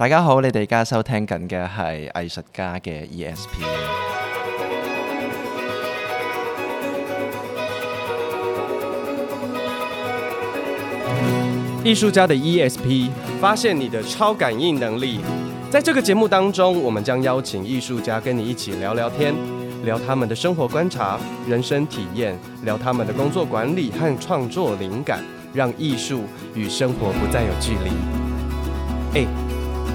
大家好，你哋而家收聽緊嘅係藝術家嘅 ESP。藝術家嘅 ESP 發現你的超感應能力。在這個節目當中，我們將邀請藝術家跟你一起聊聊天，聊他們嘅生活觀察、人生體驗，聊他們嘅工作管理和創作靈感，讓藝術與生活不再有距離。誒、欸。